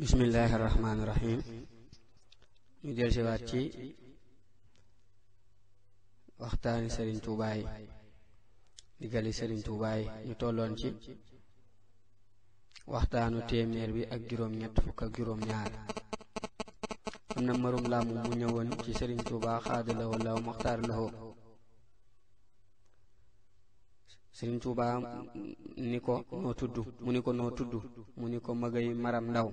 bismillaahi rahmaani rahiim ñu del siwaat ci waxtaani sëriñ tuubaa yi diggali sëriñ tuubaa ñu tolloon ci waxtaanu téeméer bi ak juróom ñett fukk ak juróom ñaar am na marum làmb mu ñëwoon ci sëriñ tuubaa xaadalawo law maxtaar lawo sëriñ tuubaa ni ko noo tudd mu ni ko noo tudd mu ni ko magay maram ndaw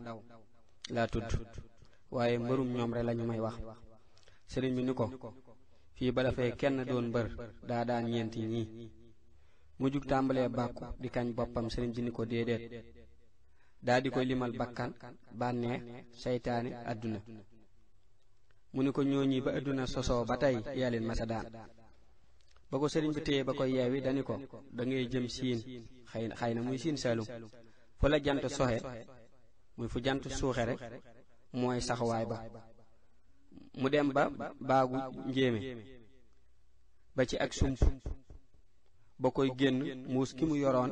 laa tudd waaye mbërum ñoom rek lañu may wax sëriñ bi ni ko fii ba fa kenn doon mbër daa daan ñeenti ñii mu jug tàmbalee bàkku di kañ boppam sëriñ bi ni ko déedéet daa di koy limal bakkan bànneex seytaane àdduna mu ni ko ñooñi ba àdduna sosoo ba tey yaa ma masa daan ba ko sëriñ bi téye ba koy yeewi dani ko da ngay jëm siin xëy xëy muy siin saalum fa la jant soxe muy fu jant suuxe rek mooy saxuwaay ba mu dem ba baagu njéeme ba ci ak sump ba koy génn muus ki mu yoroon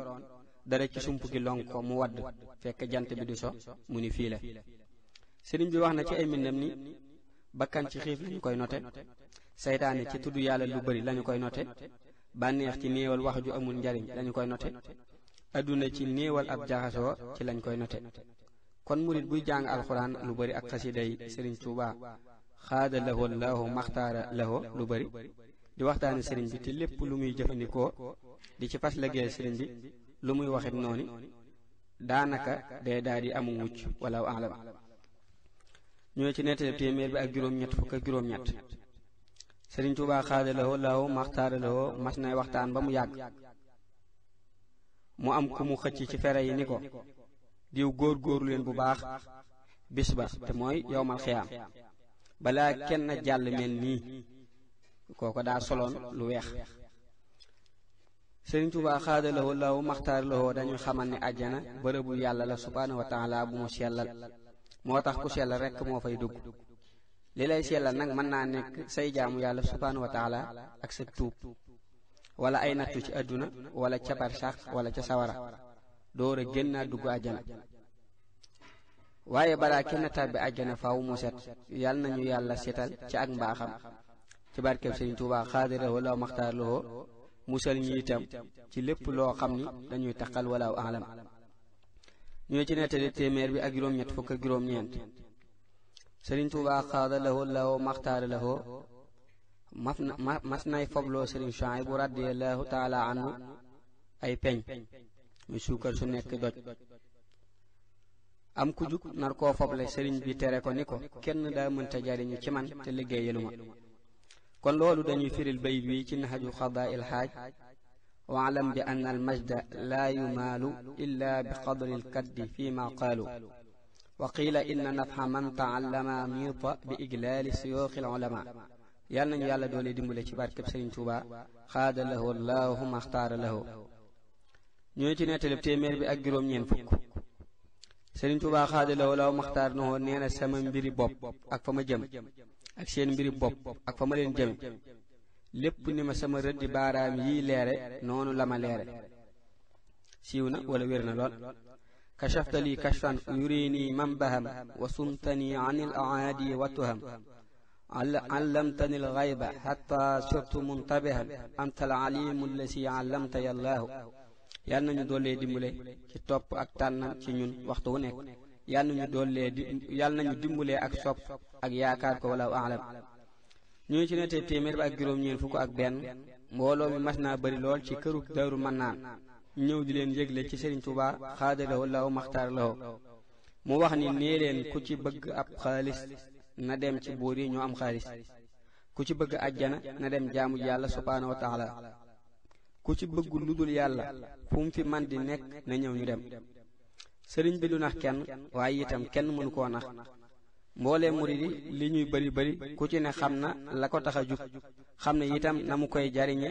dara ci sump gi lon ko mu wadd fekk jant bi du so mu ni fii la sëriñ bi wax na ci ay mbindam ni bakkan ci xiif lañu koy note saytaane ci tudd yàlla lu bari lañu koy note bànneex ci néewal wax ju amul njariñ lañu koy note adduna ci néewal ab jaxasoo ci lañ koy note kon murit buy jàng alxuraan lu bari ak xasiday sëriñ Tuuba xaada lahu allahu maxtaara lahu lu bari di waxtaane sëriñ bi te lépp lu muy jëfandikoo di ci fas liggéey sëriñ bi lu muy waxit noonu daanaka day di amu wala alam ñoo ci nettali téeméer fukk ak juróom sëriñ Tuuba xaada lahu allahu maxtaara lahu mas nay waxtaan ba mu yàgg mu am ku mu xëcc ci fere yi ni ko diw góor góorlu leen bu baax bis ba te mooy yowmal xiyaam bala kenn jàll mel nii kooko daa soloon lu weex sëriñ tuba xaada lahu lahu maxtaar dañu xamal ne àjjana bërëbu yàlla la subhanahu wa taala bu mu sellal moo tax ku sellal rek moo fay dugg li lay sellal nag mën naa say jaamu yàlla subhanahu wa taala ak sa tuub wala ay nattu ci àdduna wala ca sax wala ca sawara doore genna dugg ajana waaye balaa kenn tàbbi ajana faaw mu set yàlla nañu yàlla setal ci ak mbaaxam ci barkeb sëriñ tuuba xaadira wala maxtaar loxo musal ñi itam ci lépp loo xam ni dañuy taqal wala alam ñu ci nettali téeméer bi ak juróom-ñett fukk ak juróom-ñeent sëriñ tuuba xaada lahu law maxtaar lahu mas nay fobloo sëriñ Shuaybu radiyallahu taala anhu ay peñ suukar su nekk doj am ku jug nar koo foble sëriñ bi tere ko ni ko kenn daa mënta jariñu ci man te liggéeyaluma kon loolu dañuy firil bay bi ci naxaju xadaa il xaaj واعلم بأن المجد لا يمال إلا بقدر الكد فيما قالوا وقيل إن نفح من تعلم ميط بإجلال سيوخ العلماء يالنا يالا دولي دمبلي ci barkeb serigne touba khadallahu allahumma akhtara lahu ñooy ci nettalib téeméer bi ak juróom ñeent fukk sëriñ Tuubaa xaadi la walaw maxtaar noxoon nee na sama mbiri bopp ak fa ma jëm ak seen mbiri bopp ak fa ma leen jëme lépp ni ma sama rëddi baaraam yii leere noonu la ma leere siiw na wala wér na lool kashafta lii kashfan yurini man baham wa sumtani an il aadi wa tuham علمتني الغيب حتى صرت منتبها أنت العليم الذي علمتي الله yàlla nañu doolee dimbale ci topp ak tànnam ci ñun waxtu wu nekk yàlla nañu doolee di yàlla dimbalee ak sopp ak yaakaar ko wala alam ñu ngi ci nete téeméer ba ak juróom-ñeent fukk ak benn mbooloo mi mas naa bari lool ci këru Daaru Mannaan ñëw di leen yëgle ci Sëriñ Tuubaa xaadalawo law maxtaar lawo mu wax ni nee leen ku ci bëgg ab xaalis na dem ci buur yi ñoo am xaalis ku ci bëgg ajjana na dem jaamu yàlla subhaanahu wa ku ci bëggul lu dul yàlla fu mu fi man di nekk na ñëw ñu dem sëriñ bi du nax kenn waaye itam kenn mënu koo nax mboolee mu yi li ñuy bari bari ku ci ne xam na la ko tax a jug xam ne itam na mu koy jariñe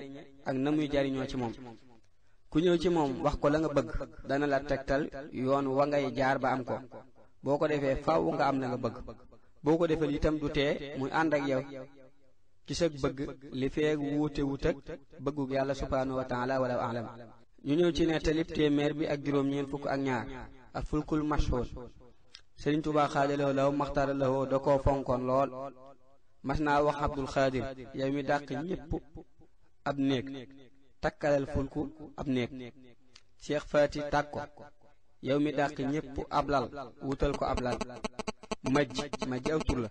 ak na muy jariñoo ci moom ku ñëw ci moom wax ko la nga bëgg dana la tegtal yoon wa ngay jaar ba am ko boo ko defee faaw nga am la nga bëgg boo ko defal itam du tee muy ànd ak yow ki sa bëgg li feeg wuute wut ak bëggug yàlla subhanahu wa taala wala alam ñu ñëw ci ne nettalib téeméer bi ak juroom ñeen fukk ak ñaar ak fulkul mashhud sëriñ tubaa xaadaloo law maxtaara lawoo da koo fonkoon lool mas naa wax abdul xaadir yow mi dàq ñépp ab néeg takkalal fulku ab néeg cheikh fati tàkko ko yow mi dàq ñépp ab lal wutal ko ab lal majj majj aw tur la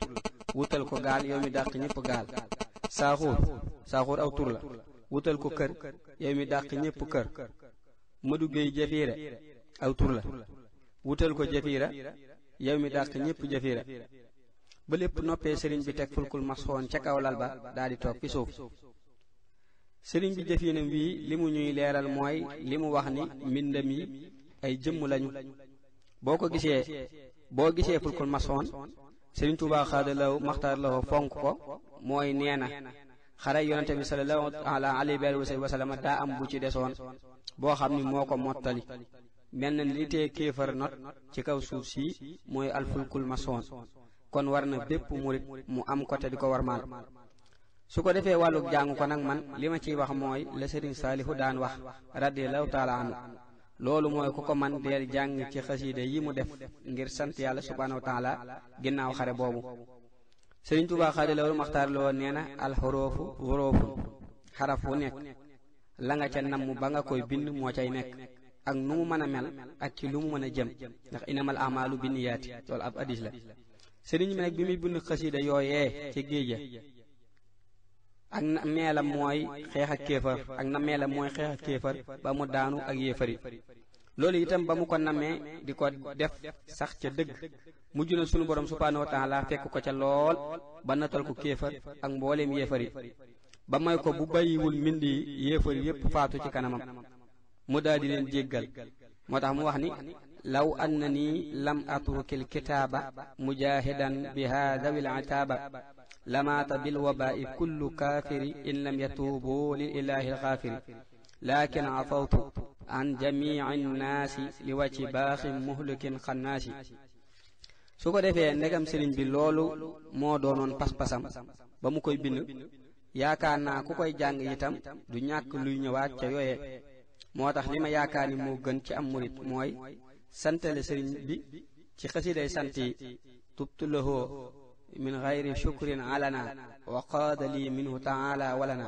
wutal ko gaal yow mi dàq ñépp gaal saaxóor saaxóor aw tur la wutal ko kër yow mi dàq ñépp kër madu géey jafiira aw tur la wutal ko jafiira yow mi dàq ñépp jafiira ba lépp noppee sëriñ bi teg fulkul masxoon ca kaw lal ba daal di toog fi suuf sëriñ bi jëfinam wii li mu ñuy leeral mooy li mu wax ni mbindam yi ay jëmm lañu boo ko gisee boo gisee fulkul masxoon Sëriñ Tuubaa xaada law maxtaar law fonk ko mooy nee na xare yonente bi sallallahu ala alayhi wa sallam daa am bu ci desoon boo xam ni moo ko mottali mel na li tee kéefar not ci kaw suuf si mooy alfulkul masoon kon war na bépp murit mu am ko te di ko war maal su ko defee wàlluk jàng ko nag man li ma ciy wax mooy la Sëriñ Saalihu daan wax radiyallahu taala loolu mooy ku ko man deel jàng ci xasiida yi mu def ngir sant yàlla subhaanahu wa taala ginnaaw xare boobu sëriñ Tuubaa xaadi lawul maxtaar loo nee na alxuroofu xuroofu xaraf wu nekk la nga ca namm ba nga koy bind moo cay nekk ak nu mu mën a mel ak ci lu mu mën a jëm ndax inamal amaalu binniyaati loolu ab hadiis la sëriñ bi nag bi muy bind xasiida yooyee ci géej ak na meelam mooy xeex ak kéefar ak na meelam mooy xeex ak kéefar ba mu daanu ak yéefari loolu itam ba mu ko namee di ko def sax ca dëgg mu na sunu borom subhaanahu wa taala fekk ko ca lool ba natal ko kéefar ak mbooleem yéefari ba may ko bu bàyyiwul mbind yi yéefari yépp faatu ci kanamam mu daal di leen jéggal moo tax mu wax ni لو أنني لم أترك الكتاب مجاهدا بها ذوي العتاب لمات بالوباء كل كافر إن لم يتوبوا للإله الغافر لكن عفوت عن جميع الناس لوجه باخ مهلك خناس su ko defee ndegam sëriñ bi loolu moo doonoon pas-pasam ba mu koy bind yaakaar naa ku koy jàng itam du ñàkk luy ñëwaat ca yooye moo tax li ma yaakaar ni moo gën ci am murit mooy santale sëriñ bi ci xasiday santi tubtu lahu min xayri shukrin alana wa qaada lii minhu taala walana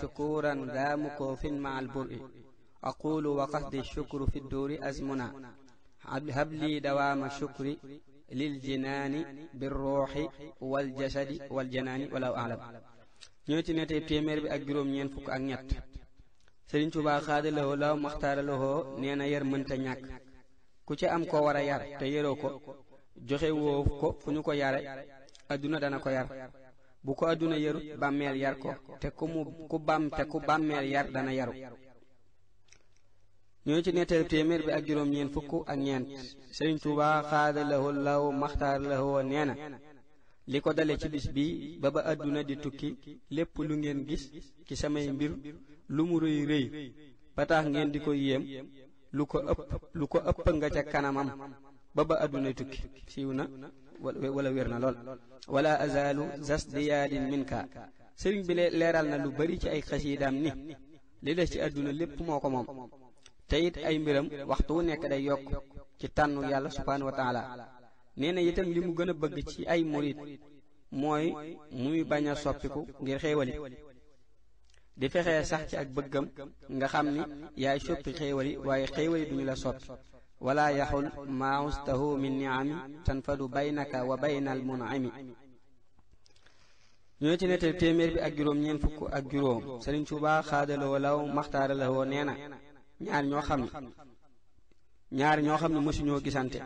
شكورا لا مكوف مع البرء أقول وقهد الشكر في الدور أزمنا هب لي دوام الشكر للجنان بالروح والجسد والجنان ولو أعلم نيوتي نتي تيمير بأجروم نين أن أنيت sëriñ Tuubaa xaadalawoo law maxtaaralawoo nee na yar mënta ñàkk ku ci am ko war a yar te yaroo ko joxe woo ko fu ñu ko yare adduna dana ko yar bu ko adduna yaru bàmmeel yar ko te ku mu ku bam te ku bàmmeel yar dana yaru ñoo ci nettali téeméer bi ak juróom ñeent fukk ak ñeent sëriñ Tuubaa xaadalawoo law maxtaaralawoo nee na li ko dale ci bis bi ba ba àdduna di tukki lépp lu ngeen gis ci samay mbir lu mu rëy rëy ba tax ngeen di ko yéem lu ko ëpp lu ko ëpp nga ca kanamam ba ba àddunay tukki siiw na wala wér na lool wala azalu zas diyaadin minka sëriñ bi leeral na lu bari ci ay xasiidaam ni li des ci àdduna lépp moo ko moom te it ay mbiram waxtu wu nekk day yokk ci tànn yàlla subhaanahu wa taala nee li mu gën a bëgg ci ay murit mooy muy bañ a soppiku ngir xéewali di fexe sax ci ak bëggam nga xam ni yaay soppi xéewali waaye xéewali duñu la soppi wala yaxul ma ustahu min niami tanfadu baynaka wa bayna almunami ñoo ci netal téeméer bi ak juróom ñeen fukk ak juróom sëriñ Tuubaa xaadaloo law maxtaara la woo nee na ñaar ñoo xam ne ñaar ñoo xam ne mësuñoo gisante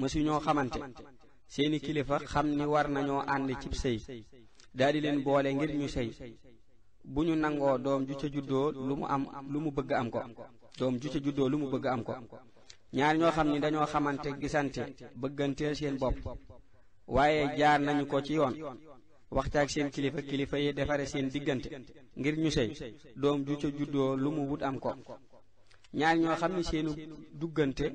mësuñoo xamante seeni kilifa xam ni war nañoo ànd ci sëy daal di leen boole ngir ñu sëy bu ñu nangoo doom ju ca juddoo lu mu am lu mu bëgg am ko doom ju ca juddoo lu mu bëgg am ko ñaar ñoo xam ni dañoo xamante gisante bëgganteel seen bopp waaye jaar nañu ko ci yoon waxtaan ak seen kilifa kilifa yi defare seen diggante ngir ñu sëy doom ju ca juddoo lu mu wut am ko ñaar ñoo xam ni seenu duggante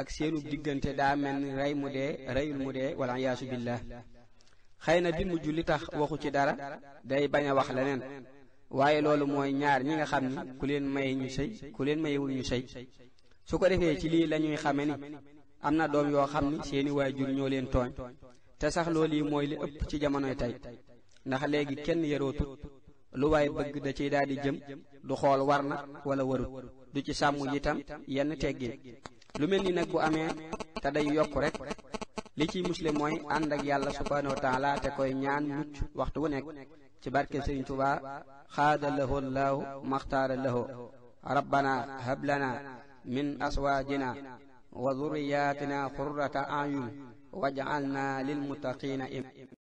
ak seenu diggante daa mel ni rey mu dee reyul mu dee wala yaasu billah xëy na bi mujj li tax waxu ci dara day bañ a wax leneen waaye loolu mooy ñaar ñi nga xam ni ku leen maye ñu sëy ku leen mayewul ñu sëy su ko defee ci lii la ñuy xame ni am na doom yoo xam ni seeni waajur ñoo leen tooñ te sax loolu yi mooy li ëpp ci jamonoy tey ndax léegi kenn yarootut lu waay bëgg da ciy daal di jëm du xool war na wala warut du ci sàmm itam yenn teggin lu mel ni nag bu amee te day yokk rek li ciy musle mooy ànd ak yàlla subhanahu wa taala te koy ñaan mucc waxtu wu nekk ci barke sëriñ tuba xaada lahu llahu maxtaara lahu rabbana hab lana min aswaajina wa zurriyaatina qurrata ayun waj'alna lilmuttaqina imama